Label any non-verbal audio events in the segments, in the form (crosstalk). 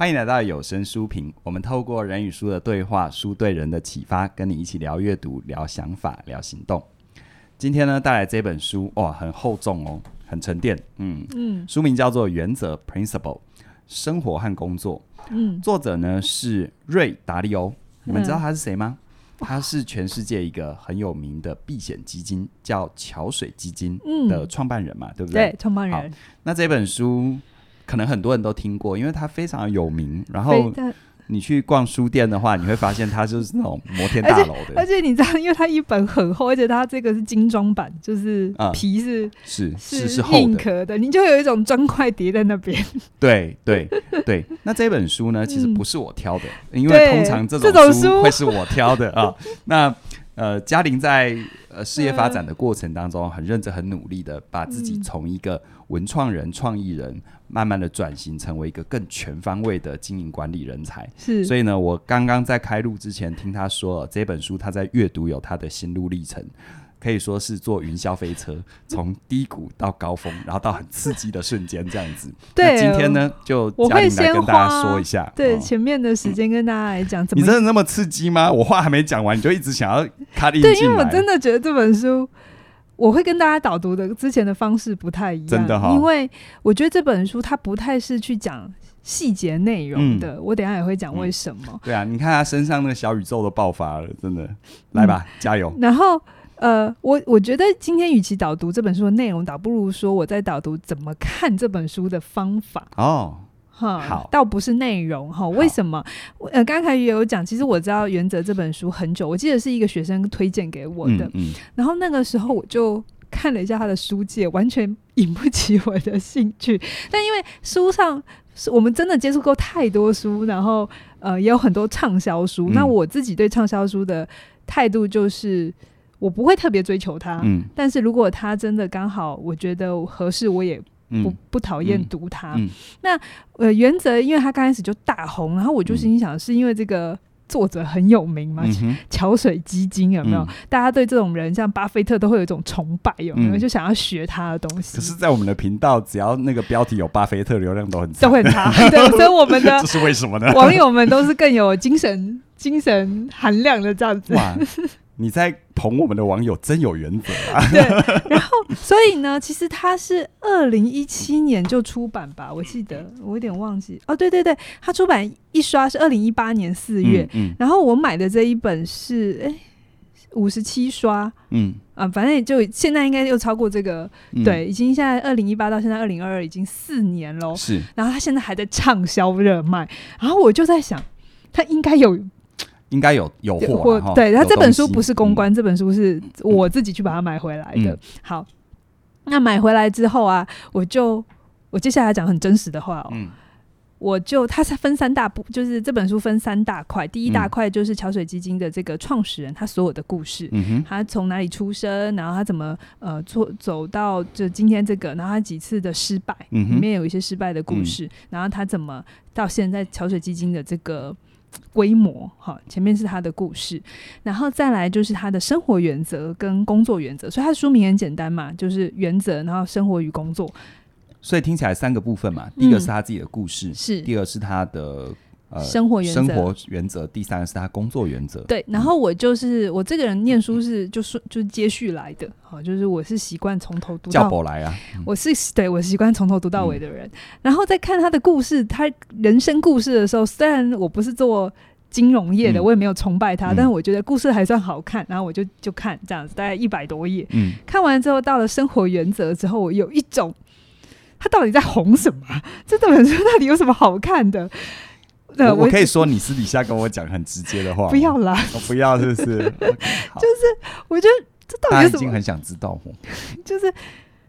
歡迎來到有聲書評。我們透過人與書的對話，書對人的啟發，跟你一起聊閱讀、聊想法、聊行動。今天呢，帶來這本書哇，很厚重哦，很沉澱。嗯嗯，書名叫做《原則 Principle》（Principle），生活和工作。嗯，作者呢是瑞達利歐。你們知道他是誰嗎？嗯、他是全世界一個很有名的避險基金，叫橋水基金的創辦人嘛？嗯、對不對？對，創辦人。那這本書。可能很多人都聽過，因為它非常有名。然後你去逛書店的話，你會發現它就是那種摩天大樓的。而且，而且你知道，因為它一本很厚，而且它這個是精裝版，就是皮是、嗯、是是硬殼的，是厚的。你就有一種磚塊疊在那邊。對對對。那這本書呢，其實不是我挑的，嗯、因為通常這種書會是我挑的啊。那呃，嘉玲在呃事業發展的過程當中，很認真、很努力的把自己從一個。嗯文創人、創意人，慢慢的轉型成為一個更全方位的經營管理人才。是，所以呢，我剛剛在開錄之前聽他說了這本書，他在閱讀有他的心路歷程，可以說是坐雲霄飛車，從低谷到高峰， (laughs) 然後到很刺激的瞬間這樣子。 (laughs) 對，今天呢，就嘉玲來跟大家說一下。哦、對，前面的時間跟大家來講、嗯、怎麼，你真的那麼刺激嗎？我話還沒講完，你就一直想要卡進去，對，因為我真的覺得這本書。我會跟大家導讀的之前的方式不太一樣，真的哦、因為我覺得這本書它不太是去講細節內容的，嗯、我等下也會講為什麼、嗯。對啊，你看他身上那個小宇宙都爆發了，真的，來吧，嗯、加油。然後呃，我我覺得今天與其導讀這本書的內容，倒不如說我在導讀怎麼看這本書的方法哦。哈，呵好倒不是內容哈，好為什麼？呃，剛才也有講，其實我知道《原則》這本書很久，我記得是一個學生推薦給我的，嗯，嗯，然後那個時候我就看了一下他的書界，完全引不起我的興趣。但因為書上，我們真的接觸過太多書，然後呃，也有很多暢銷書。嗯、那我自己對暢銷書的態度就是，我不會特別追求它，嗯，但是如果它真的剛好我覺得合適，我也。嗯、不不討厭讀他，嗯嗯、那呃原則，因為他剛開始就大紅，然後我就心想，是因為這個作者很有名嘛？嗯、嗯哼、橋水基金有沒有？大家，嗯、對這種人，像巴菲特，都會有一種崇拜，有沒有？嗯、就想要學他的東西。可是，在我們的頻道，只要那個標題有巴菲特，流量都很都會差對。所以我們的這是為什麼呢？網友們都是更有精神精神含量的這樣子。你在捧我們的網友，真有原則啊！對所以呢，其實它是二零一七年就出版吧，我記得，我有點忘記哦。對對對，它出版一刷是二零一八年四月，嗯嗯、然後我買的這一本是哎五十七刷，嗯啊，反正就現在應該又超過這個，嗯、對，已經現在二零一八到現在二零二二已經四年咯。是。然後它現在還在暢銷熱賣，然後我就在想，它應該有，應該有有貨，對。它這本書不是公關，嗯、這本書是我自己去把它買回來的，嗯、好。那買回來之後啊，我就我接下來講很真實的話哦，喔，嗯、我就他是分三大步，就是這本書分三大塊，第一大塊就是橋水基金的這個創始人他所有的故事，嗯、哼他從哪裡出生，然後他怎麼呃做走到就今天這個，然後他幾次的失敗，嗯、哼裡面有一些失敗的故事，嗯、然後他怎麼到現在橋水基金的這個。規模哈，前面是他的故事，然後再來就是他的生活原則跟工作原則，所以他的書名很簡單嘛，就是原則，然後生活與工作，所以聽起來三個部分嘛，第一個是他自己的故事，嗯、是，第二是他的。呃、生活原則，生活原則，第三是他工作原則。對，然後我就是、嗯、我這個人念書是就是就是接續來的，好，就是我是習慣從頭讀到尾。教保來啊，嗯、我是對我習慣從頭讀到尾的人。嗯、然後在看他的故事，他人生故事的時候，雖然我不是做金融業的，嗯、我也沒有崇拜他，嗯、但是我覺得故事還算好看。然後我就就看這樣子，大概一百多頁。嗯、看完之後，到了《生活原則》之後，我有一種他到底在紅什麼？ (laughs) 這本書到底有什麼好看的？呃、我可以說你私底下跟我講很直接的話， (laughs) 不要啦， (laughs) 我不要，是不是？Okay, (laughs) 就是我覺得這到底是什麼他已經很想知道哦。就是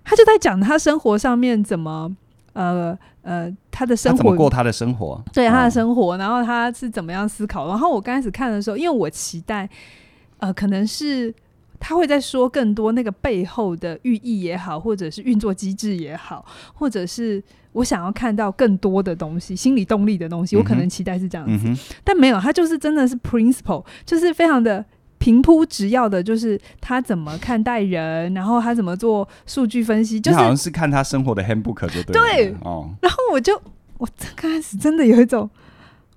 他就在講他生活上面怎麼呃呃，他的生活怎麼過，他的生活，對、啊哦、他的生活，然後他是怎麼樣思考。然後我剛開始看的時候，因為我期待呃，可能是他會再說更多那個背後的寓意也好，或者是運作機制也好，或者是。我想要看到更多的東西，心理動力的東西，我可能期待是這樣子，嗯嗯、但沒有，他就是真的是 principle，就是非常的平鋪直要的，就是他怎麼看待人，然後他怎麼做數據分析，就是就好像是看他生活的 handbook 就對了，對，哦、然後我就我剛開始真的有一種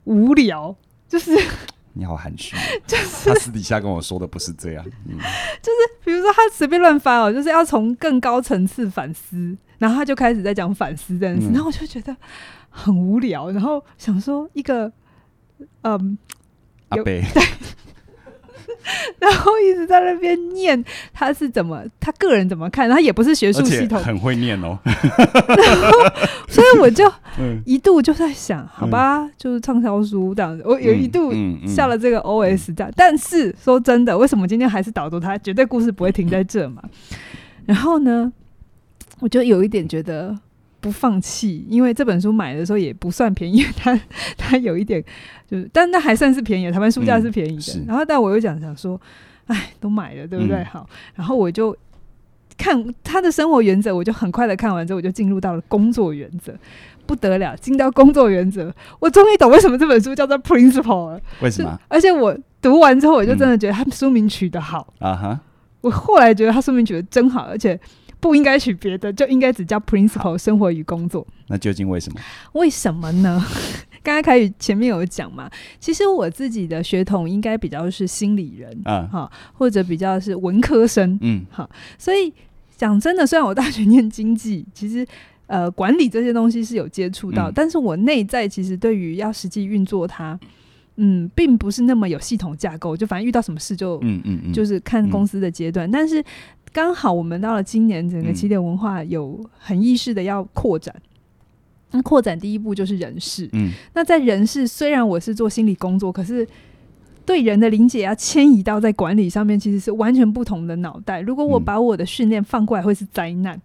無聊，就是。 (laughs) 你好含蓄， (laughs) 就是 他私底下跟我說的不是這樣，嗯、 (laughs) 就是比如說他隨便亂翻哦，就是要從更高層次反思，然後他就開始在講反思這件事，嗯、然後我就覺得很無聊，然後想說一個，嗯，阿伯伯 (laughs) (laughs) 然後一直在那邊念，他是怎麼，他個人怎麼看，他也不是學術系統很會念哦 (laughs) (laughs) 所以我就一度就在想，好吧，嗯、就是暢銷書這樣子，嗯、我有一度下了這個 OS 這樣。嗯嗯、但是、嗯、說真的，為什麼今天還是導讀，他絕對故事不會停在這嘛？ (laughs) 然後呢，我就有一點覺得。不放棄，因為這本書買的時候也不算便宜，因為它它有一點就是，但是還算是便宜，台灣書價是便宜的。嗯、然後，但我又想想說，哎，都買了，對不對？嗯、好，然後我就看他的生活原則，我就很快的看完之後，我就進入到了工作原則，不得了，進到工作原則，我終於懂為什麼這本書叫做《Principles》了。為什麼？而且我讀完之後，我就真的覺得他書名取得好啊！哈、嗯，我後來覺得他書名取得真好，而且。不應該取別的，就應該只叫 Principles 好生活與工作。那究竟為什麼？為什麼呢？剛剛凱宇前面有講嘛，其實我自己的血統應該比較是心理人啊，哈，或者比較是文科生，嗯，好。所以講真的，雖然我大學念經濟，其實呃管理這些東西是有接觸到，嗯、但是我內在其實對於要實際運作它，嗯，並不是那麼有系統架構，就反正遇到什麼事就嗯嗯，嗯嗯就是看公司的階段，嗯、但是。剛好我們到了今年，整個啟點文化有很意識的要擴展。那擴、嗯嗯、展第一步就是人事。嗯，那在人事，雖然我是做心理工作，可是對人的理解要遷移到在管理上面，其實是完全不同的腦袋。如果我把我的訓練放過來，會是災難，嗯。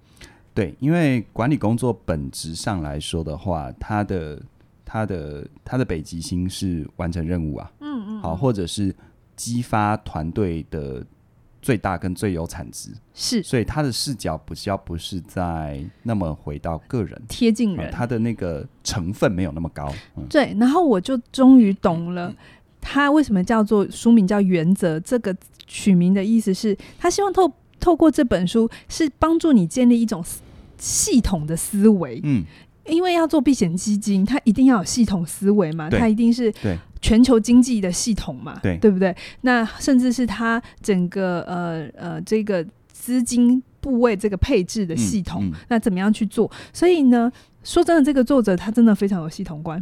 對，因為管理工作本質上來說的話，它的它的它的北極星是完成任務啊。嗯嗯。好，或者是激發團隊的。最大跟最優產值是。所以他的視角不需要不是在那麼回到個人貼近人，啊、他的那個成分沒有那麼高。嗯、對，然後我就終於懂了，他為什麼叫做書名叫《原則》這個取名的意思，是他希望透透過這本書是幫助你建立一種系統的思維。嗯。因為要做避險基金，它一定要有系統思維嘛，它對一定是全球經濟的系統嘛，對，對不對？那甚至是它整個呃呃這個資金部位這個配置的系統，嗯嗯、那怎麼樣去做？所以呢，說真的，這個作者他真的非常有系統觀。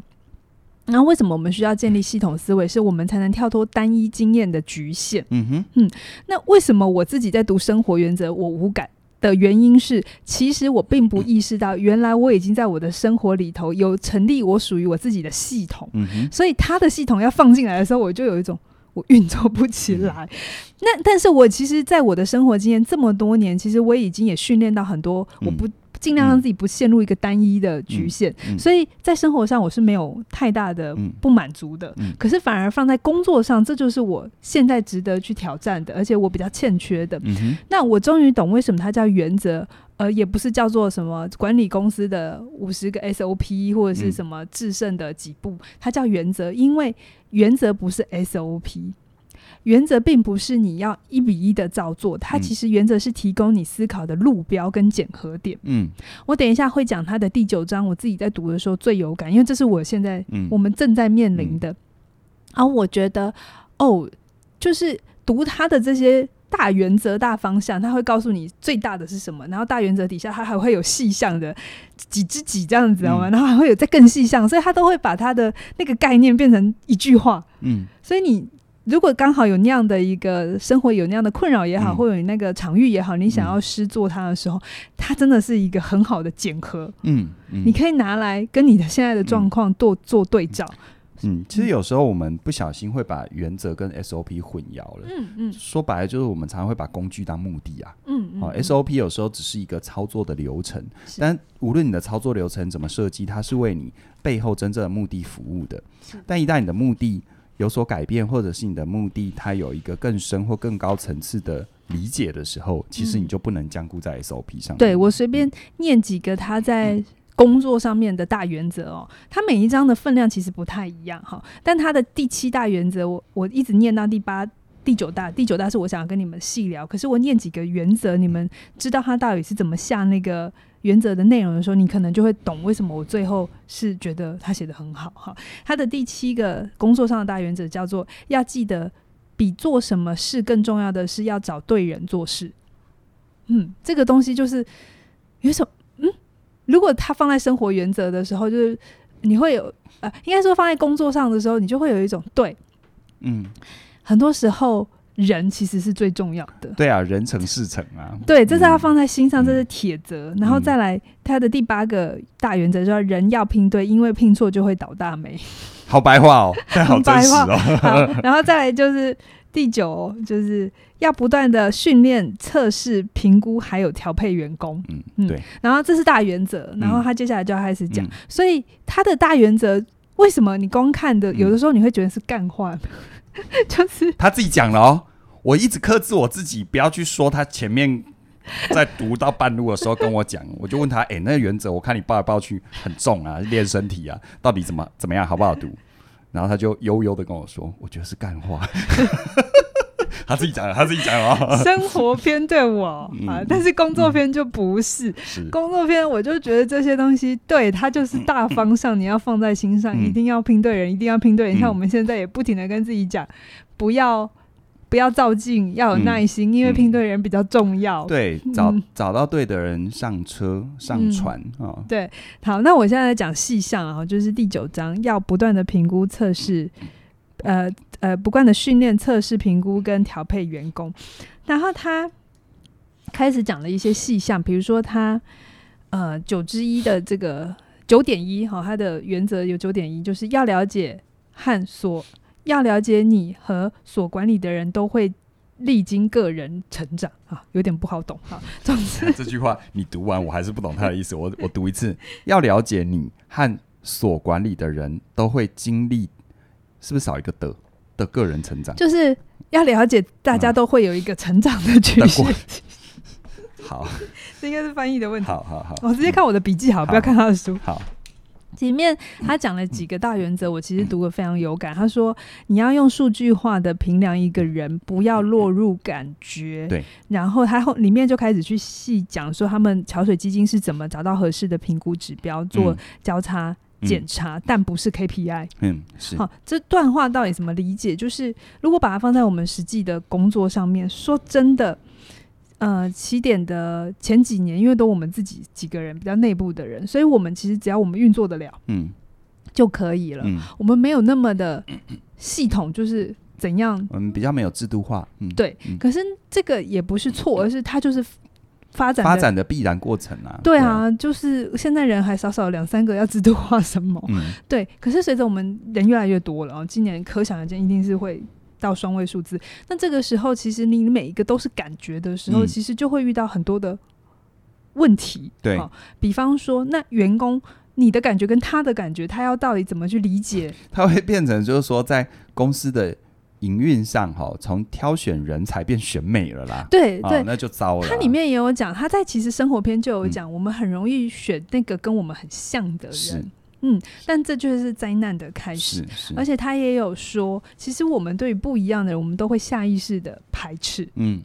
那為什麼我們需要建立系統思維？是我們才能跳脫單一經驗的局限。嗯哼，嗯。那為什麼我自己在讀《生活原則》，我無感？的原因是，其實我並不意識到，原來我已經在我的生活裡頭有成立我屬於我自己的系統，嗯、哼所以他的系統要放進來的時候，我就有一種我運作不起來。嗯、哼那但是我其實，在我的生活經驗這麼多年，其實我已經也訓練到很多，我不、嗯。盡量讓自己不陷入一個單一的侷限，嗯嗯、所以在生活上我是沒有太大的不滿足的。嗯嗯、可是反而放在工作上，這就是我現在值得去挑戰的，而且我比較欠缺的。嗯、哼那我終於懂為什麼它叫原則，而、呃、也不是叫做什麼管理公司的五十個 SOP 或者是什麼制勝的幾步，嗯、它叫原則，因為原則不是 SOP。原則並不是你要一比一的照做，它其實原則是提供你思考的路標跟檢核點。嗯，我等一下會講它的第九章，我自己在讀的時候最有感，因為這是我現在、嗯、我們正在面臨的。而、嗯嗯啊、我覺得哦，就是讀他的這些大原則、大方向，他會告訴你最大的是什麼，然後大原則底下，它還會有細項的幾之幾這樣子，知道嗎？然後還會有再更細項，所以他都會把它的那個概念變成一句話。嗯，所以你。如果剛好有那樣的一個生活，有那樣的困擾也好，或有那個場域也好，你想要施作它的時候，它真的是一個很好的檢核。嗯，你可以拿來跟你的現在的狀況做做對照。嗯，其實有時候我們不小心會把原則跟 SOP 混淆了。嗯嗯，說白了就是我們常常會把工具當目的啊。嗯嗯，SOP 有時候只是一個操作的流程，但無論你的操作流程怎麼設計，它是為你背後真正的目的服務的。但一旦你的目的，有所改變，或者是你的目的，它有一個更深或更高層次的理解的時候，其實你就不能僵固在 SOP 上。嗯，對，我隨便念幾個他在工作上面的大原則哦，他每一章的分量其實不太一樣哈，但他的第七大原則，我我一直念到第八、第九大，第九大是我想要跟你們細聊，可是我念幾個原則，你們知道他到底是怎麼下那個。原則的內容的時候，你可能就會懂為什麼我最後是覺得他寫得很好哈。他的第七個工作上的大原則叫做要記得，比做什麼事更重要的是要找對人做事。嗯，這個東西就是有什麼？嗯，如果他放在生活原則的時候，就是你會有呃，應該說放在工作上的時候，你就會有一種對，嗯，很多時候。人其實是最重要的。對啊，人成事成啊。對，這是要放在心上，嗯、這是鐵則。然後再來，他的第八個大原則叫人要拼對，因為拼錯就會倒大霉。好白話哦，但好真實哦 (laughs) 白話。然後再來就是第九，就是要不斷的訓練、測試、評估，還有調配員工。嗯，嗯對。然後這是大原則，然後他接下來就要開始講。嗯、所以他的大原則為什麼？你光看的，有的時候你會覺得是幹話。就是、他自己講了哦，我一直克制我自己，不要去說他前面在讀到半路的時候跟我講，我就問他，誒、欸，那個原則，我看你抱來抱去很重啊，練身體啊，到底怎麼怎麼樣，好不好讀？然後他就悠悠的跟我說，我覺得是幹話。是 (laughs) 他自己講，他自己講哦。生活篇對我啊,但是工作篇就不是。工作篇我就覺得這些東西，對他就是大方向，你要放在心上，一定要聘對人，一定要聘對人。像我們現在也不停的跟自己講，不要不要著急，要有耐心，因為聘對人比較重要。對，找找到對的人上車上船啊。對，好，那我現在來講細項啊，就是第九章，要不斷的評估測試。呃呃，不斷的訓練、測試、評估跟調配員工，然後他開始講了一些細項，比如說他呃九之一的這個九點一哈，他的原則有九點一，就是要了解和所要了解你和所管理的人都會歷經個人成長哈、哦，有點不好懂哈、哦。總之這句話你讀完我還是不懂他的意思， (laughs) 我我讀一次，要了解你和所管理的人都會經歷。是不是少一個的的個人成長？就是要了解大家都會有一個成長的趨勢。好，這應該是翻譯的問題。好好好，我直接看我的筆記，好，不要看他的書。好，裡面他講了幾個大原則，我其實讀得非常有感。他說你要用數據化的評量一個人，不要落入感覺。對，然後他後裡面就開始去細講說，他們橋水基金是怎麼找到合適的評估指標做交叉。嗯、檢查，但不是 KPI。嗯，是。好、啊，這段話到底怎麼理解？就是如果把它放在我們實際的工作上面，說真的，呃，起點的前幾年，因為都我們自己幾個人比較內部的人，所以我們其實只要我們運作得了，嗯，就可以了。嗯、我們沒有那麼的咳咳系統，就是怎樣，嗯，我們比較沒有制度化。嗯，對。嗯、可是這個也不是錯，嗯、而是它就是。發展,發展的必然過程啊，對啊，對就是現在人還少少兩三個要制度化什麼，嗯、對。可是隨着我們人越來越多了，今年可想而知一定是會到雙位數字。那這個時候，其實你每一個都是感覺的時候，嗯、其實就會遇到很多的問題。嗯、對,吧對，比方說，那員工你的感覺跟他的感覺，他要到底怎麼去理解？他會變成就是說，在公司的。營運上哈，從挑選人才變選美了啦，對對、啊，那就糟了。它裡面也有講，他在其實生活篇就有講，嗯、我們很容易選那個跟我們很像的人，是嗯，但這就是災難的開始。是是，而且他也有說，其實我們對於不一樣的人，我們都會下意識的排斥，嗯，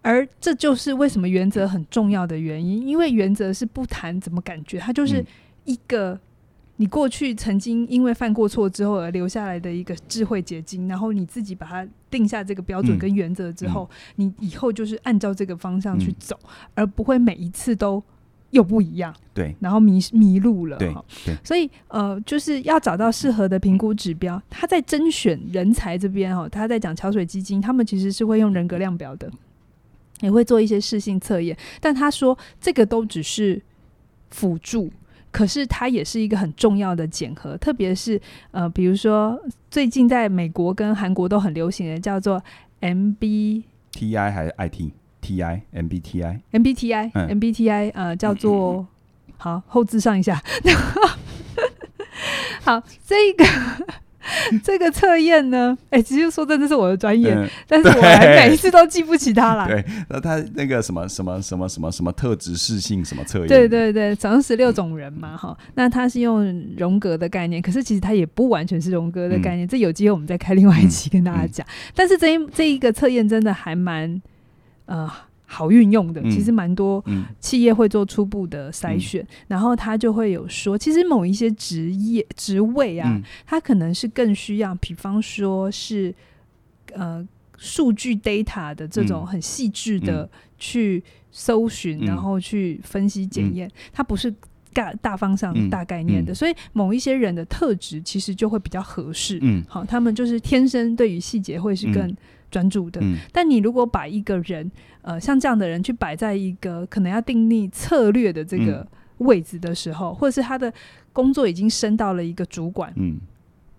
而這就是為什麼原則很重要的原因，嗯、因為原則是不談怎麼感覺，它就是一個。你過去曾經因為犯過錯之後而留下來的一個智慧結晶，然後你自己把它定下這個標準跟原則之後，嗯、你以後就是按照這個方向去走，嗯、而不會每一次都又不一樣。對、嗯，然後迷對迷路了。對，對所以呃，就是要找到適合的評估指標。他在甄選人才這邊哦，他在講橋水基金，他們其實是會用人格量表的，也會做一些試性測驗，但他說這個都只是輔助。可是它也是一個很重要的檢核，特別是呃，比如說最近在美國跟韓國都很流行的叫做 MBTI 還是 IT? ITTI、MBTI、MBTI、MBTI、嗯、呃，叫做 Okay. 好後製上一下， (laughs) (laughs) 好這個。 (laughs) (laughs) 這個測驗呢，哎、欸，其實說真的是我的專業，對但是我還每一次都記不起他了。對，那他那個什麼什麼什麼什麼什麼特質適性什麼測驗？對對對，早十六種人嘛，哈、嗯。那他是用榮格的概念，可是其實他也不完全是榮格的概念。嗯、這有機會我們再開另外一期跟大家講。嗯嗯、但是這一這一個測驗真的還蠻，呃。好運用的，其實蠻多企業會做初步的篩選，嗯嗯、然後他就會有說，其實某一些職業職位啊，嗯、他可能是更需要，比方說是呃數據 data 的這種很細緻的去搜尋，嗯嗯、然後去分析檢驗，嗯嗯、他不是大大方向大概念的，嗯嗯、所以某一些人的特質其實就會比較合適。嗯，好，他們就是天生對於細節會是更。專注的，但你如果把一個人，呃，像這樣的人去擺在一個可能要訂立策略的這個位置的時候，或者是他的工作已經升到了一個主管，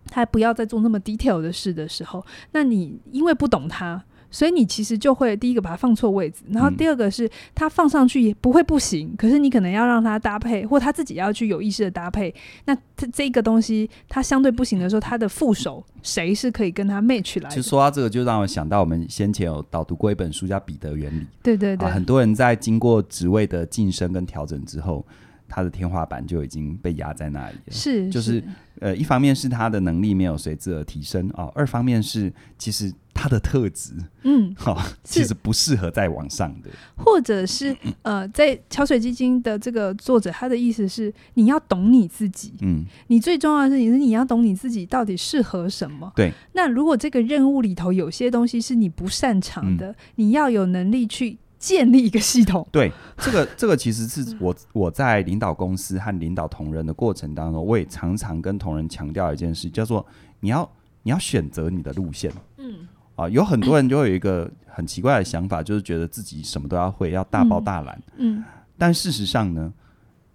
他不要再做那麼 detail 的事的時候，那你因為不懂他。所以你其實就會第一個把它放錯位置，然後第二個是它放上去也不會不行，嗯、可是你可能要讓它搭配，或它自己要去有意識的搭配。那這這個東西，它相對不行的時候，它的副手誰是可以跟他 match 來的？其實說到這個，就讓我想到我們先前有導讀過一本書叫《彼得原理》。對對對、啊，很多人在經過職位的晉升跟調整之後，他的天花板就已經被壓在那裡了。是，是，就是呃，一方面是他的能力沒有隨之而提升啊，二方面是其實。他的特質，嗯，好、哦，是其實不適合再往上的，或者是呃，在橋水基金的這個作者，他的意思是你要懂你自己，嗯，你最重要的是你是你要懂你自己到底適合什麼，對。那如果這個任務裡頭有些東西是你不擅長的，嗯、你要有能力去建立一個系統，對。這個這個其實是我我在領導公司和領導同仁的過程當中，我也常常跟同仁強調一件事，叫做你要你要選擇你的路線，嗯。啊，有很多人就會有一個很奇怪的想法， (coughs) 就是覺得自己什麼都要會，要大包大攬。嗯，嗯，但事實上呢，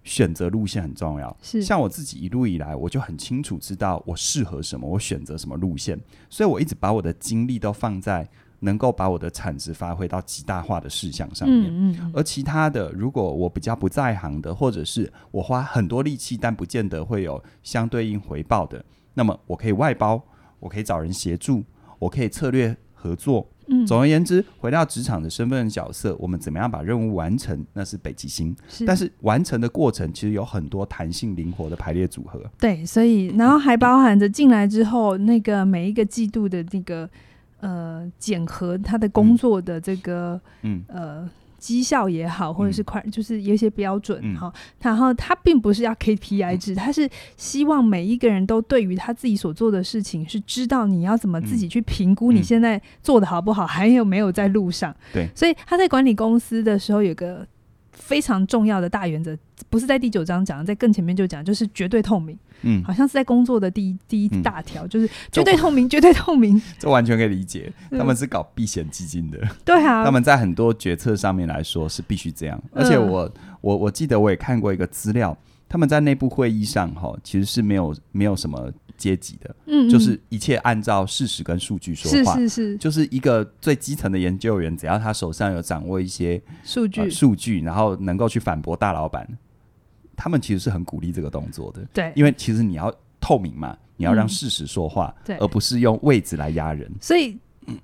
選擇路線很重要。是，像我自己一路以來，我就很清楚知道我適合什麼，我選擇什麼路線。所以，我一直把我的精力都放在能夠把我的產值發揮到極大化的事項上面。嗯嗯。而其他的，如果我比較不在行的，或者是我花很多力氣但不見得會有相對應回報的，那麼我可以外包，我可以找人協助。我可以策略合作。嗯、總而言之，回到職場的身份角色，我們怎麼樣把任務完成，那是北極星。是。但是完成的過程其實有很多彈性、靈活的排列組合。對，所以然後還包含着進來之後、嗯、那個每一個季度的這、那個呃檢核他的工作的這個嗯，嗯呃。績效也好，或者是快，嗯、就是有一些標準哈。嗯、然後他並不是要 KPI 制，嗯、他是希望每一個人都對於他自己所做的事情是知道你要怎麼自己去評估你現在做的好不好，嗯、還有沒有在路上。對、嗯，所以他在管理公司的時候有個非常重要的大原則，不是在第九章講，在更前面就講，就是絕對透明。嗯，好像是在工作的第一第一大條，嗯、就是絕對透明，就、絕對透明。這完全可以理解，嗯、他們是搞避險基金的。對啊，他們在很多決策上面來說是必須這樣。嗯、而且我我我記得我也看過一個資料，他們在內部會議上哈，其實是沒有沒有什麼階級的，嗯，嗯，就是一切按照事實跟數據說話，是是是，就是一個最基層的研究員，只要他手上有掌握一些數據、呃、數據，然後能夠去反駁大老板。他們其實是很鼓勵這個動作的，對，因為其實你要透明嘛，你要讓事實說話，嗯、對，而不是用位置來壓人。所以，嗯、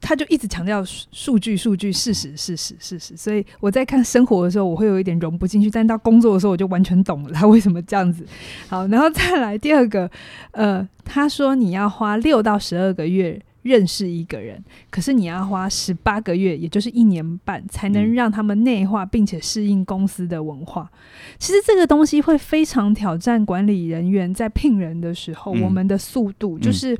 他就一直強調數據、數據、事實、事實、事實。所以我在看生活的時候，我會有一點融不進去，但到工作的時候，我就完全懂了他為什麼這樣子。好，然後再來第二個，呃，他說你要花六到十二個月，認識一個人，可是你要花十八個月，也就是一年半，才能讓他們內化並且適應公司的文化。嗯、其實這個東西會非常挑戰管理人員在聘人的時候，嗯、我們的速度就是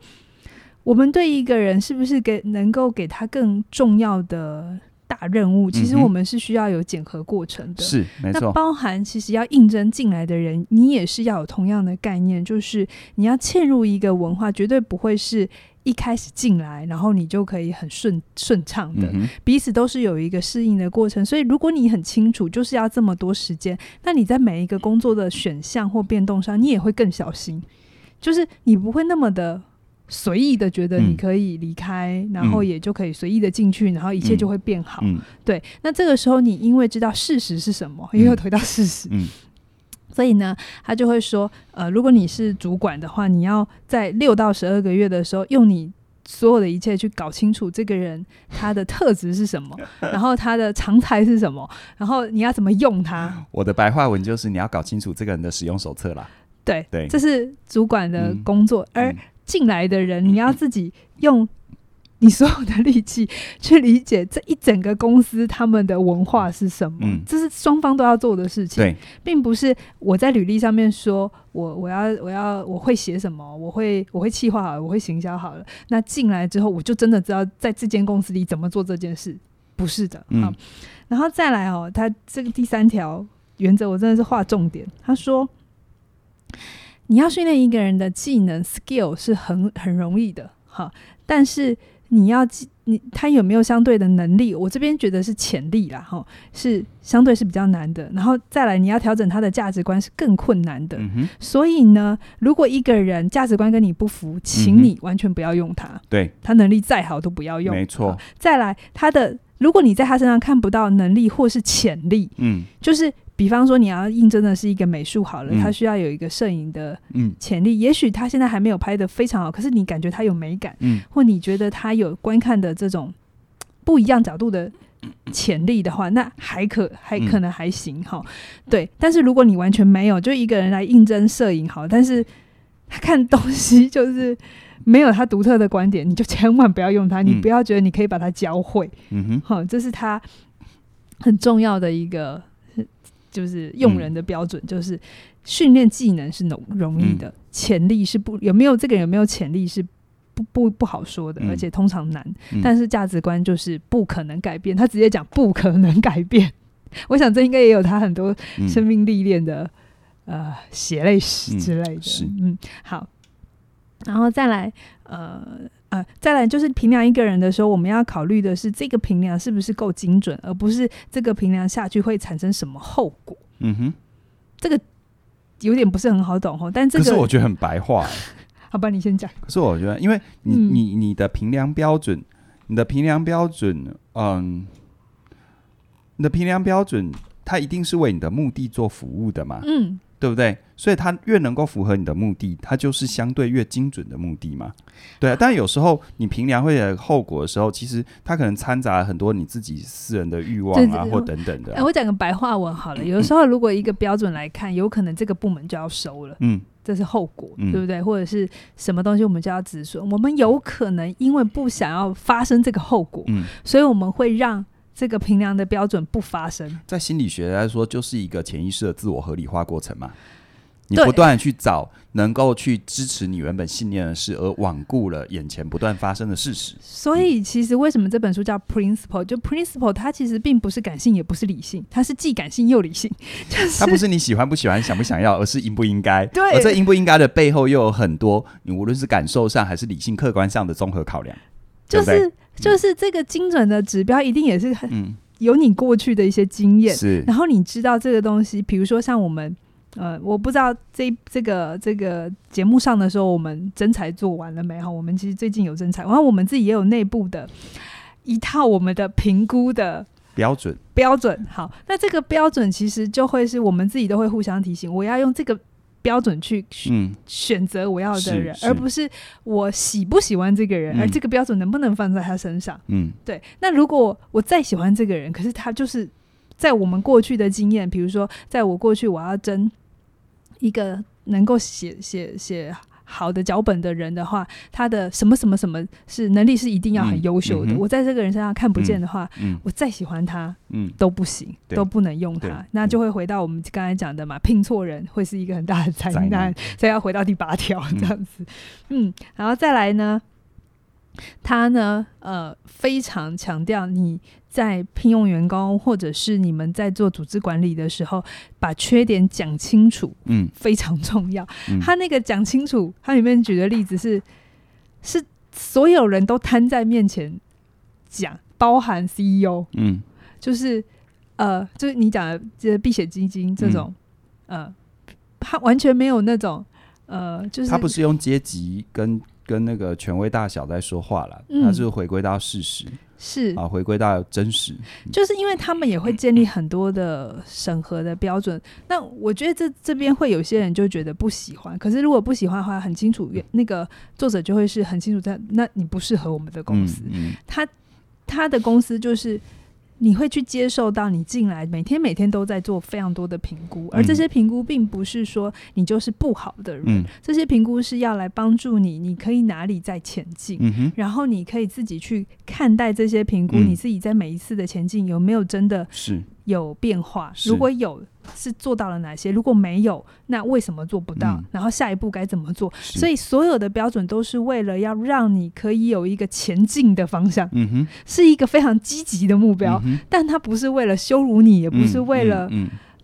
我們對一個人是不是給能夠給他更重要的大任務。嗯、哼其實我們是需要有檢核過程的，是，沒錯。那包含其實要應徵進來的人，你也是要有同樣的概念，就是你要嵌入一個文化，絕對不會是。一開始進來，然後你就可以很順順暢的，嗯、哼彼此都是有一個適應的過程。所以，如果你很清楚就是要這麼多時間，那你在每一個工作的選項或變動上，你也會更小心，就是你不會那麼的隨意的覺得你可以離開，嗯、然後也就可以隨意的進去，然後一切就會變好。嗯、對，那這個時候你因為知道事實是什麼，因為回到事實。嗯嗯。所以呢，他就會說，呃，如果你是主管的話，你要在六到十二個月的時候，用你所有的一切去搞清楚這個人他的特質是什麼， (laughs) 然後他的長才是什麼，然後你要怎麼用他。我的白話文就是你要搞清楚這個人的使用手冊啦。對，對，這是主管的工作，嗯、而進來的人，嗯、你要自己用你所有的力氣去理解，這一整個公司他們的文化是什麼，嗯、這是雙方都要做的事情。對並不是我在履歷上面說我我要我要我會寫什麼，我會我會企劃好了，我會行銷好了。那進來之後，我就真的知道在這間公司裡怎麼做這件事，不是的、嗯、啊。然後再來哦，他這個第三條原則，我真的是劃重點。他說，你要訓練一個人的技能 skill 是很很容易的哈、啊，但是。你要你他有沒有相對的能力？我這邊覺得是潛力啦，吼，是相對是比較難的。然後再來，你要調整他的價值觀是更困難的。嗯、哼所以呢，如果一個人價值觀跟你不符，請你完全不要用他。對。他、嗯、哼能力再好都不要用，沒錯錯。再來，他的如果你在他身上看不到能力或是潛力，嗯，就是。比方說，你要應徵的是一個美術好了，嗯、他需要有一個攝影的潛力。嗯、也許他現在還沒有拍得非常好，可是你感覺他有美感，嗯、或你覺得他有觀看的這種不一樣角度的潛力的話，那還可還可能還行哈。對，但是如果你完全沒有，就一個人來應徵攝影好，但是他看東西就是沒有他獨特的觀點，你就千萬不要用他，你不要覺得你可以把他教會。嗯哼，好，這是他很重要的一個。就是用人的標準，嗯、就是訓練技能是容容易的，潛、嗯、力是不有沒有這個有沒有潛力是不不不好說的，嗯、而且通常難。嗯、但是價值觀就是不可能改變，他直接講不可能改變。我想這應該也有他很多生命歷練的、嗯、呃血淚史之類的。嗯，是嗯好，然後再來呃。呃，再來就是評量一個人的時候，我們要考慮的是這個評量是不是夠精準，而不是這個評量下去會產生什麼後果。嗯哼，這個有點不是很好懂哦。但這個可是我覺得很白話。 (laughs) 好吧，你先講。可是我覺得，因為你你你，你的評量標準，你的評量標準，嗯，你的評量標準，它一定是為你的目的做服務的嘛？嗯。對不對？所以它越能夠符合你的目的，它就是相對越精準的目的嘛。對、啊，但有時候你評量會有後果的時候，其實它可能摻雜了很多你自己私人的欲望啊，對或等等的、啊哎。我講個白話文好了，嗯嗯、有的時候如果一個標準來看，有可能這個部門就要收了，嗯，這是後果，對不對？嗯、或者是什麼東西我們就要止損？我們有可能因為不想要發生這個後果，嗯、所以我們會讓。這個評量的標準不發生，在心理學來說，就是一個潛意識的自我合理化過程嘛。你不斷地去找對能夠去支持你原本信念的事，而罔顧了眼前不斷發生的事實。所以，嗯、其實為什麼這本書叫 principle？就 principle，它其實並不是感性，也不是理性，它是既感性又理性。就是、它不是你喜歡不喜歡、 (laughs) 想不想要，而是應不應該。對而在應不應該的背後，又有很多你無論是感受上還是理性客觀上的綜合考量。就是明白就是這個精準的指標，一定也是很有你過去的一些經驗、嗯，是。然後你知道這個東西，比如說像我們，呃，我不知道這這個這個節目上的時候，我們徵才做完了沒？哈，我們其實最近有徵才，然後我們自己也有內部的一套我們的評估的標準標準。好，那這個標準其實就會是我們自己都會互相提醒，我要用這個。標準去選擇我要的人，嗯、而不是我喜不喜歡這個人，嗯、而這個標準能不能放在他身上？嗯，對。那如果我再喜歡這個人，可是他就是在我們過去的經驗，比如說，在我過去我要爭一個能夠寫寫寫。好的腳本的人的話，他的什麼什麼什麼是能力是一定要很優秀的。嗯嗯嗯、我在這個人身上看不見的話，嗯嗯、我再喜歡他，嗯、都不行，對都不能用他。對那就會回到我們剛才講的嘛，聘錯人會是一個很大的災難，所以難要回到第八條這樣子。嗯，嗯，然後再來呢，他呢，呃，非常強調你。在聘用員工，或者是你們在做組織管理的時候，把缺點講清楚，嗯，非常重要。嗯、他那個講清楚，他裡面舉的例子是，是所有人都攤在面前講，包含 CEO，嗯，就是呃，就是你講的這個避險基金這種，嗯、呃，他完全沒有那種呃，就是他不是用階級跟跟那個權威大小在說話了，嗯、他是回歸到事實。是啊，回歸到真實，就是因為他們也會建立很多的審核的標準。嗯、那我覺得這這邊會有些人就覺得不喜歡，可是如果不喜歡的話，很清楚，那個作者就會是很清楚在，他那你不適合我們的公司。嗯嗯、他他的公司就是。你會去接受到你進來，每天每天都在做非常多的評估，而這些評估並不是說你就是不好的人，嗯、這些評估是要來幫助你，你可以哪裡在前進，嗯、哼然後你可以自己去看待這些評估，嗯、你自己在每一次的前進有沒有真的是？有變化，如果有，是做到了哪些？如果沒有，那為什麼做不到？嗯、然後下一步該怎麼做？是所以所有的標準都是為了要讓你可以有一個前進的方向，嗯、哼是一個非常積極的目標。嗯、哼但它不是為了羞辱你，也不是為了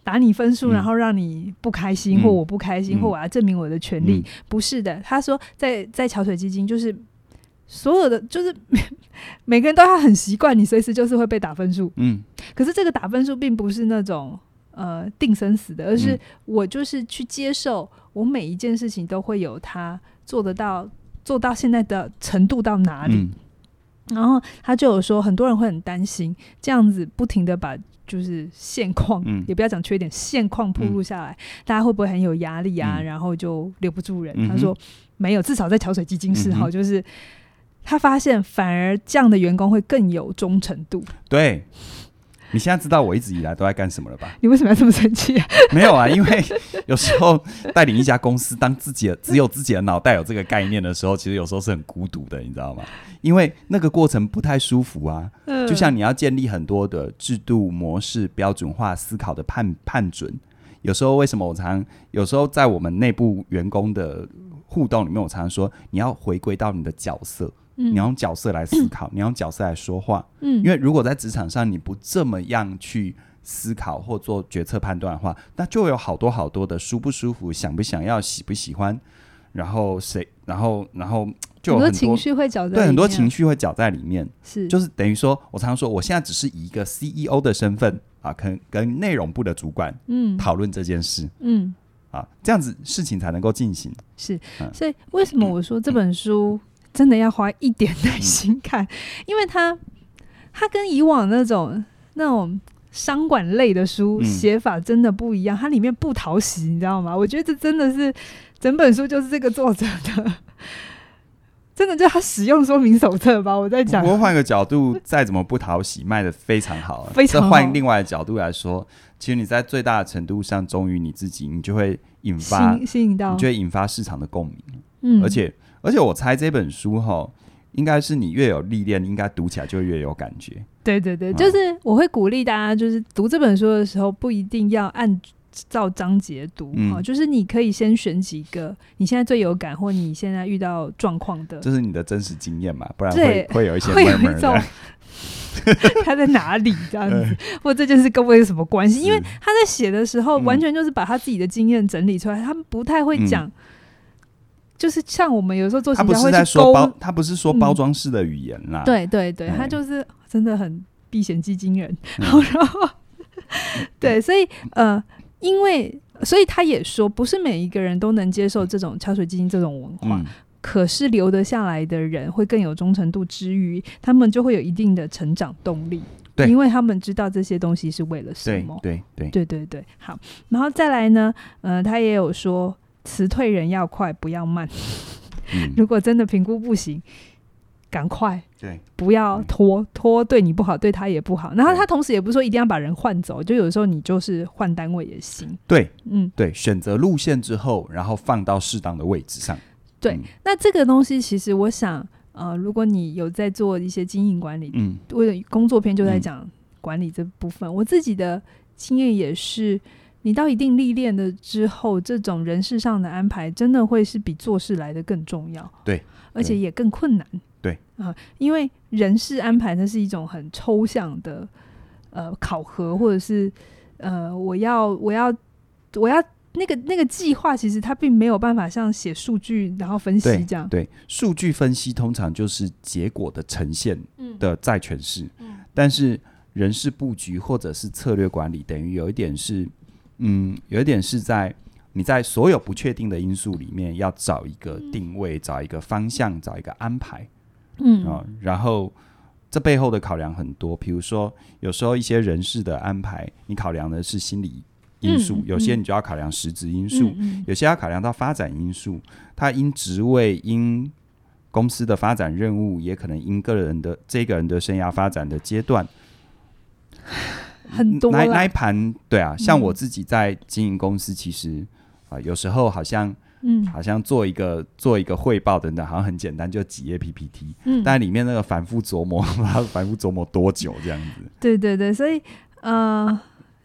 打你分數，嗯嗯嗯、然後讓你不開心或我不開心，嗯、或我要證明我的權利。嗯、不是的，他說在在橋水基金就是。所有的就是每、每個人都要很習慣，你隨時就是會被打分數。嗯，可是這個打分數並不是那種呃定生死的，而是我就是去接受，我每一件事情都會有它做得到、做到現在的程度到哪裡。嗯、然後他就有說，很多人會很擔心這樣子不停的把就是現況、嗯、也不要講缺點，現況暴露下來，嗯、大家會不會很有壓力啊？嗯、然後就留不住人。嗯、哼他說沒有，至少在橋水基金是好，嗯、哼就是。他發現，反而這樣的員工會更有忠誠度。對，你現在知道我一直以來都在幹什麼了吧？ (laughs) 你為什麼要這麼生氣啊？沒有啊，因為有時候帶領一家公司，當自己的只有自己的腦袋有這個概念的時候，其實有時候是很孤獨的，你知道嗎？因為那個過程不太舒服啊。嗯，就像你要建立很多的制度、模式、標準化思考的判判準，有時候為什麼我常有時候在我們內部員工的互動裡面，我常常說，你要回歸到你的角色。你用角色來思考，嗯，你用角色來說話。嗯，因為如果在職場上你不這麼樣去思考或做決策判斷的話，那就有好多好多的舒不舒服、想不想要、喜不喜歡，然後誰，然後然後就有很多，很多情緒會攪在，對，很多情緒會攪在裡面。裡面，是，就是等於說，我常常說，我現在只是以一個 CEO 的身份啊，跟跟內容部的主管嗯討論這件事嗯啊，這樣子事情才能夠進行。是，啊，所以為什麼我說這本書，嗯。真的要花一點耐心看，嗯、因為它它跟以往那種那種商管類的書寫法真的不一樣，嗯、它裡面不討喜，你知道嗎？我覺得這真的是整本書就是這個作者的，真的就他使用說明手冊吧。我在講，不過換個角度，再怎麼不討喜， (laughs) 賣得非,非常好。這換另外的角度來說，其實你在最大的程度上忠於你自己，你就會引發吸引到，你就會引發市場的共鳴。嗯，而且而且我猜這本書哈，應該是你越有歷練，應該讀起來就越有感覺。對對對，就是我會鼓勵大家，就是讀這本書的時候，不一定要按照章節讀哈，就是你可以先選幾個你現在最有感或你現在遇到狀況的，這是你的真實經驗嘛，不然會會有一些會有那種他在哪裡這樣子？或這件事跟我有什麼關係？因為他在寫的時候，完全就是把他自己的經驗整理出來，他們不太會講。就是像我們有時候做會，他不是在說包，嗯、他不是說包裝式的語言啦。對對對，嗯、他就是真的很避險基金人，嗯、然後、嗯、 (laughs) 對，所以呃，因為所以他也說，不是每一個人都能接受這種橋水基金這種文化，嗯、可是留得下來的人會更有忠誠度之餘，他們就會有一定的成長動力，對，因為他們知道這些東西是為了什麼。對對對對對對，好，然後再來呢，呃，他也有說。辭退人要快，不要慢。 (laughs) 如果真的評估不行，嗯、趕快。對，不要拖、嗯、拖，對你不好，對他也不好。然後他同時也不是說一定要把人換走，就有時候你就是換單位也行。對，嗯，對，選擇路線之後，然後放到適當的位置上。對，那這個東西其實我想，呃，如果你有在做一些經營管理，嗯，為了工作篇就在講管理這部分，嗯、我自己的經驗也是。你到一定歷練的之後，這種人事上的安排真的會是比做事來得更重要。對，而且也更困難。對，對啊，因為人事安排那是一種很抽象的，呃，考核或者是呃，我要我要我要那個那個計劃，其實它並沒有辦法像寫數據然後分析這樣對。對，數據分析通常就是結果的呈現的再詮釋。嗯，但是人事布局或者是策略管理，等於有一點是，嗯，有一點是在你在所有不確定的因素裡面，要找一個定位，嗯、找一個方向，找一個安排。嗯啊，然後這背後的考量很多，比如說有時候一些人事的安排，你考量的是心理因素，嗯、有些你就要考量實質因素，嗯、有些要考量到發展因素。嗯、他因職位、因公司的發展任務，也可能因個人的這個人的生涯發展的階段。很多那那盤對啊，像我自己在經營公司，其實、嗯、啊，有時候好像嗯，好像做一個做一個彙報等等，好像很簡單，就幾頁 PPT，但裡面那個反覆琢磨， (laughs) 反覆琢磨多久這樣子？對對對，所以呃，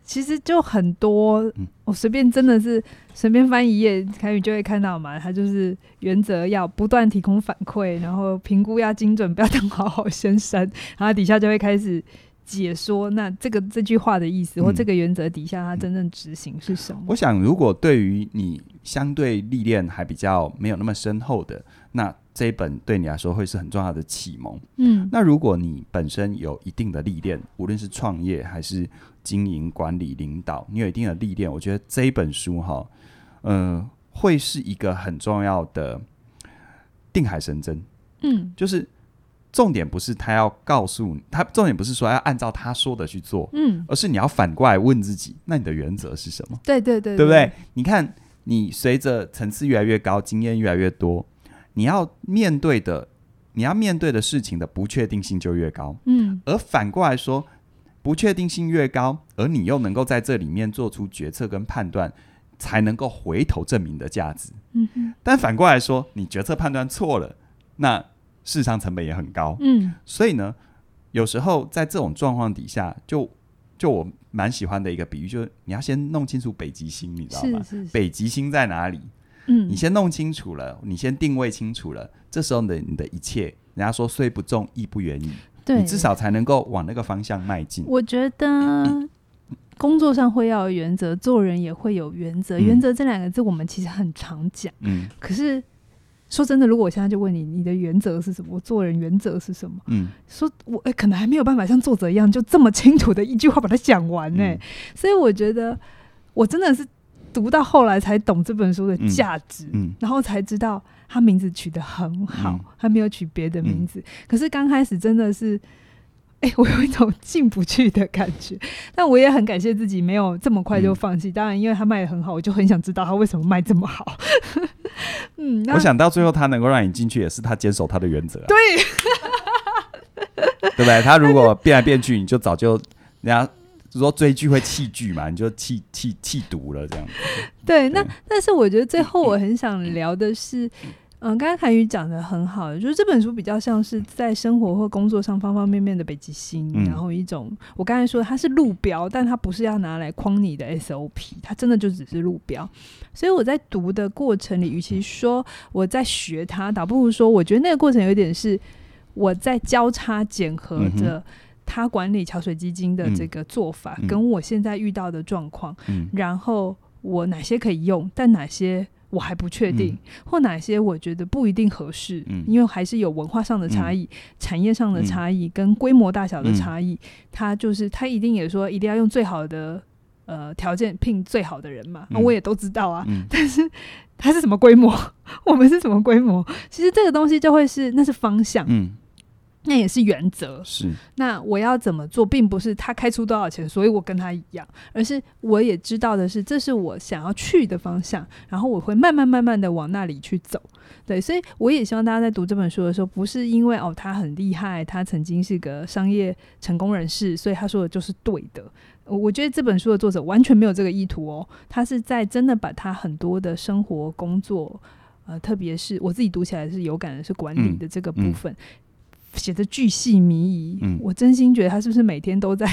其實就很多，嗯、我隨便真的是隨便翻一頁，凱宇就會看到嘛，他就是原則要不斷提供反饋，然後評估要精準，不要當好好先生，然後底下就會開始。解說那這個這句話的意思，或這個原則底下，它、嗯、真正執行是什麼？我想，如果對於你相對歷練還比較沒有那麼深厚的，那這一本對你來說會是很重要的啟蒙。嗯，那如果你本身有一定的歷練，無論是創業還是經營管理領導，你有一定的歷練，我覺得這一本書哈，嗯、呃，會是一個很重要的定海神針。嗯，就是。重點不是他要告訴你，他重點不是說要按照他說的去做，嗯，而是你要反過來問自己，那你的原則是什麼？對對對，對不對？你看，你隨着層次越來越高，經驗越來越多，你要面對的，你要面對的事情的不確定性就越高，嗯。而反過來說，不確定性越高，而你又能夠在這裡面做出決策跟判斷，才能夠回頭證明你的價值，嗯哼。但反過來說，你決策判斷錯了，那。市場成本也很高，嗯，所以呢，有時候在這種狀況底下，就就我蠻喜歡的一個比喻，就是你要先弄清楚北極星，你知道嗎？是是是。北極星在哪裡？嗯，你先弄清楚了，你先定位清楚了，這時候你的你的一切，人家說「雖不中，亦不遠矣」，對，你至少才能夠往那個方向邁進。我覺得工作上會要有原則，做人也會有原則。嗯，原則這兩個字，我們其實很常講，嗯，可是。說真的，如果我現在就問你，你的原則是什麼？我做人原則是什麼？嗯，說我，我、欸、誒可能還沒有辦法像作者一樣，就這麼清楚的一句話把它講完呢、欸。嗯、所以我覺得，我真的是讀到後來才懂這本書的價值，嗯，嗯，然後才知道他名字取得很好，還、嗯、沒有取別的名字。嗯、可是剛開始真的是。哎、欸，我有一種進不去的感覺，但我也很感謝自己沒有這麼快就放棄。嗯、當然，因為他賣的很好，我就很想知道他為什麼賣這麼好。 (laughs) 嗯，那我想到最後他能夠讓你進去，也是他堅守他的原則、啊，對， (laughs) 對不對？他如果變來變去，是你就早就人家說追劇會棄劇嘛，你就棄棄棄毒了這樣。對，對那但是我覺得最後我很想聊的是。 (laughs) 嗯，剛才凱宇講得很好的，就是這本書比較像是在生活或工作上方方面面的北極星，嗯、然後一種我剛才說它是路標，但它不是要拿來框你的 SOP，它真的就只是路標。所以我在讀的過程裡，與其說我在學它，倒不如說我覺得那個過程有點是我在交叉檢核着他管理橋水基金的這個做法，嗯嗯、跟我現在遇到的狀況，嗯、然後我哪些可以用，但哪些。我還不確定，嗯、或哪些我覺得不一定合適，嗯、因為還是有文化上的差異、嗯、產業上的差異、嗯、跟規模大小的差異。他、嗯、就是他一定也說一定要用最好的呃條件聘最好的人嘛，啊、我也都知道啊。嗯、但是他是什麼規模， (laughs) 我們是什麼規模，其實這個東西就會是那是方向。嗯。那也是原則，是。那我要怎麼做，並不是他開出多少錢，所以我跟他一樣，而是我也知道的是，這是我想要去的方向，然後我會慢慢慢慢的往那裡去走。對，所以我也希望大家在讀這本書的時候，不是因為哦他很厲害，他曾經是個商業成功人士，所以他說的就是對的。我覺得這本書的作者完全沒有這個意圖哦，他是在真的把他很多的生活、工作，呃，特別是我自己讀起來是有感的是管理的這個部分。嗯嗯寫的巨細靡遺，嗯、我真心覺得他是不是每天都在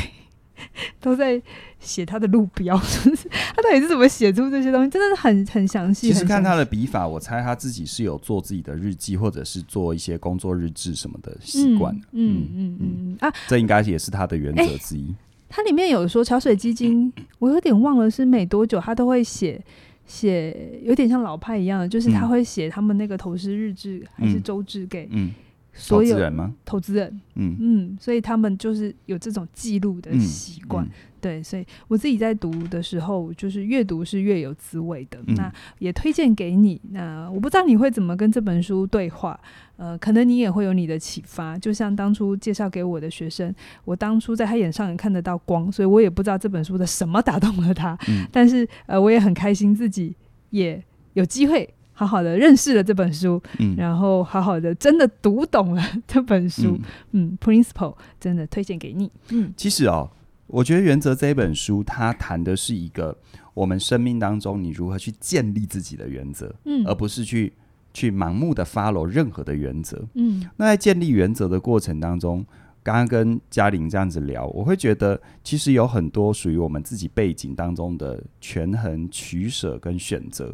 都在寫他的路標是不是？他到底是怎麼寫出這些東西？真的是很很詳細。其實看他的筆法，我猜他自己是有做自己的日記，或者是做一些工作日誌什麼的習慣。嗯嗯嗯，嗯啊，這應該也是他的原則之一。啊欸、他裡面有說橋水基金，我有點忘了是每多久他都會寫、嗯、寫，有點像老派一樣，就是他會寫他們那個投資日誌、嗯、還是週誌給嗯。嗯所有投資人嗎？投資人，嗯嗯，所以他們就是有這種記錄的習慣，嗯嗯、對，所以我自己在讀的時候，就是越讀是越有滋味的。那也推薦給你。那我不知道你會怎麼跟這本書對話，呃，可能你也會有你的啟發。就像當初介紹給我的學生，我當初在他眼上也看得到光，所以我也不知道這本書的什麼打動了他。嗯、但是呃，我也很開心自己也有機會。好好的認識了這本書，嗯，然後好好的真的讀懂了這本書，嗯，嗯，Principle 真的推薦給你，嗯，其實哦，我覺得原則這本書它談的是一個我們生命當中你如何去建立自己的原則，嗯，而不是去去盲目的 follow 任何的原則，嗯，那在建立原則的過程當中，剛剛跟嘉玲這樣子聊，我會覺得其實有很多屬於我們自己背景當中的權衡、取舍跟選擇。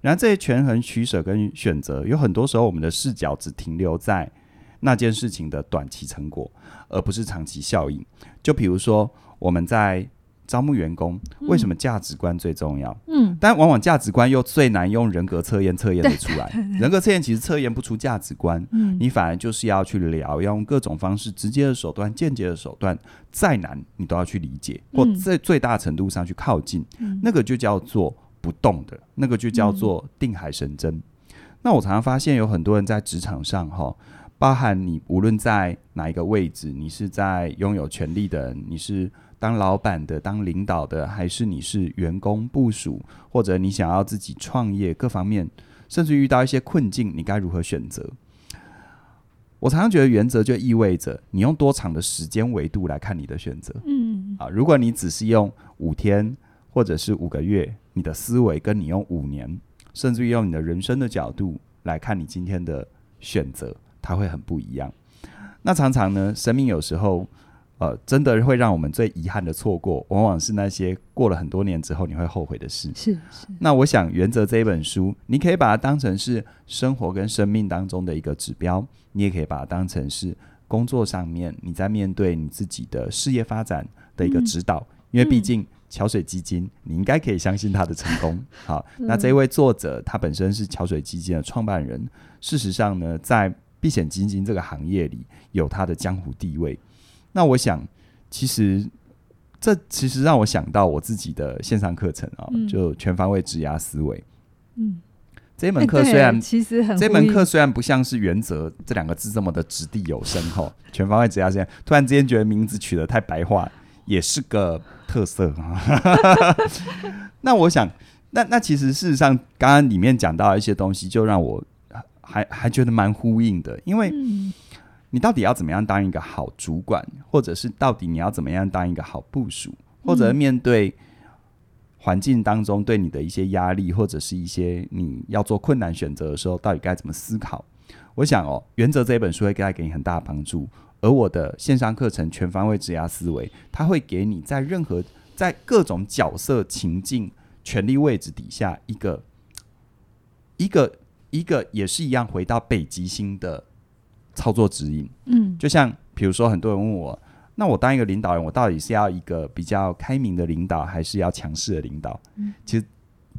然後這些權衡取捨跟選擇，有很多時候我們的視角只停留在那件事情的短期成果，而不是長期效應。就比如說我們在招募員工，嗯、為什麼價值觀最重要？嗯，但往往價值觀又最難用人格測驗測驗得出來。對對對，人格測驗其實測驗不出價值觀，嗯、你反而就是要去聊，要用各種方式、直接的手段、間接的手段，再難你都要去理解，或在最大程度上去靠近。嗯、那個就叫做。不動的那個就叫做定海神針。嗯、那我常常發現有很多人在職場上哈，包含你無論在哪一個位置，你是在擁有權力的人，你是當老板的、當領導的，還是你是員工、部屬，或者你想要自己創業，各方面甚至遇到一些困境，你該如何選擇？我常常覺得原則就意味着你用多長的時間維度來看你的選擇。嗯，啊，如果你只是用五天或者是五個月。你的思維跟你用五年，甚至於用你的人生的角度來看你今天的選擇，它會很不一樣。那常常呢，生命有時候，呃，真的會讓我們最遺憾的錯過，往往是那些過了很多年之後你會後悔的事。是是。是那我想，《原則》這一本書，你可以把它當成是生活跟生命當中的一個指標，你也可以把它當成是工作上面你在面對你自己的事業發展的一個指導，嗯。因為畢竟，嗯。橋水基金，你應該可以相信他的成功。好，那這一位作者他本身是橋水基金的創辦人，事實上呢，在避險基金這個行業裡有他的江湖地位。那我想，其實這其實讓我想到我自己的線上課程啊、哦，嗯、就全方位職涯思維。嗯，這門課雖然、欸、其實很，這門課雖然不像是“原則”這兩個字這麼的擲地有聲吼， (laughs) 全方位職涯這樣，突然之間覺得名字取得太白話。也是個特色， (laughs) (laughs) 那我想，那那其實事實上，剛剛裡面講到一些東西，就讓我還還覺得蠻呼應的，因為你到底要怎麼樣當一個好主管，或者是到底你要怎麼樣當一個好部屬，或者面對環境當中對你的一些壓力，或者是一些你要做困難選擇的時候，到底該怎麼思考？我想哦，《原則》這一本書會帶給你很大的幫助，而我的線上課程《全方位職涯思維》，它會給你在任何在各種角色情境、權力位置底下一個一個一個也是一樣回到北極星的操作指引。嗯，就像比如說，很多人問我，那我當一個領導人，我到底是要一個比較開明的領導，還是要強勢的領導？嗯，其實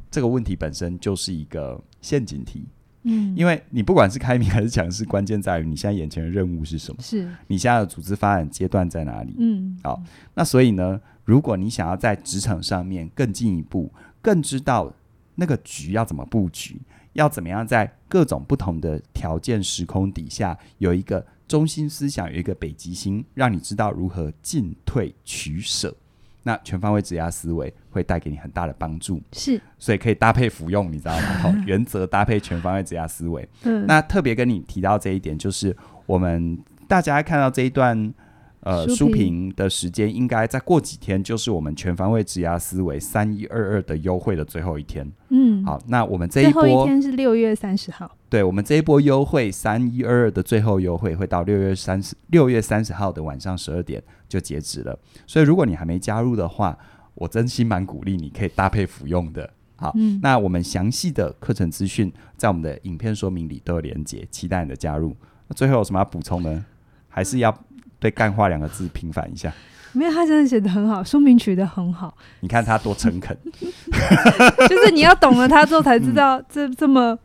這個問題本身就是一個陷阱題。嗯，因為你不管是開明還是強勢，關鍵在於你現在眼前的任務是什麼，是你現在的組織發展階段在哪裡。嗯，好，那所以呢，如果你想要在職場上面更進一步，更知道那個局要怎麼布局，要怎麼樣在各種不同的條件時空底下有一個中心思想，有一個北極星，讓你知道如何進退取舍。那全方位職涯思維會帶給你很大的幫助，是，所以可以搭配服用，你知道嗎？ (laughs) 原則搭配全方位職涯思維。嗯，那特別跟你提到這一點，就是我們大家看到這一段。呃，書評評的時間應該再過幾天，就是我們全方位職涯思維三一二二的優惠的最後一天。嗯，好，那我們這一波一天是六月三十號。對，我們這一波優惠三一二二的最後優惠會，會到六月三十六月三十號的晚上十二點就截止了。所以如果你還沒加入的話，我真心蠻鼓勵你可以搭配服用的。好，嗯、那我們詳細的課程資訊在我們的影片說明裡都有連結，期待你的加入。那最後有什麼要補充呢？嗯、還是要？對“幹話”兩個字平反一下，沒有，他真的寫的很好，書名取得很好，你看他多誠懇， (laughs) (laughs) 就是你要懂了他之後才知道這這麼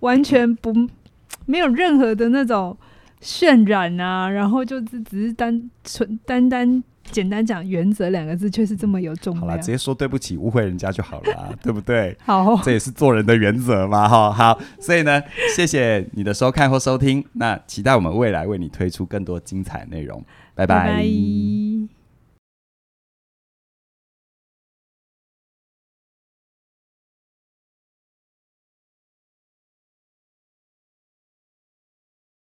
完全不沒有任何的那種渲染啊，然後就是只是單純單單。簡單講，原則兩個字卻是這麼有重量、嗯、好了，直接說對不起，誤會人家就好了， (laughs) 對不對？好，這也是做人的原則嘛，哈。好，所以呢，謝謝你的收看或收聽， (laughs) 那期待我們未來為你推出更多精彩內容，拜拜。拜拜。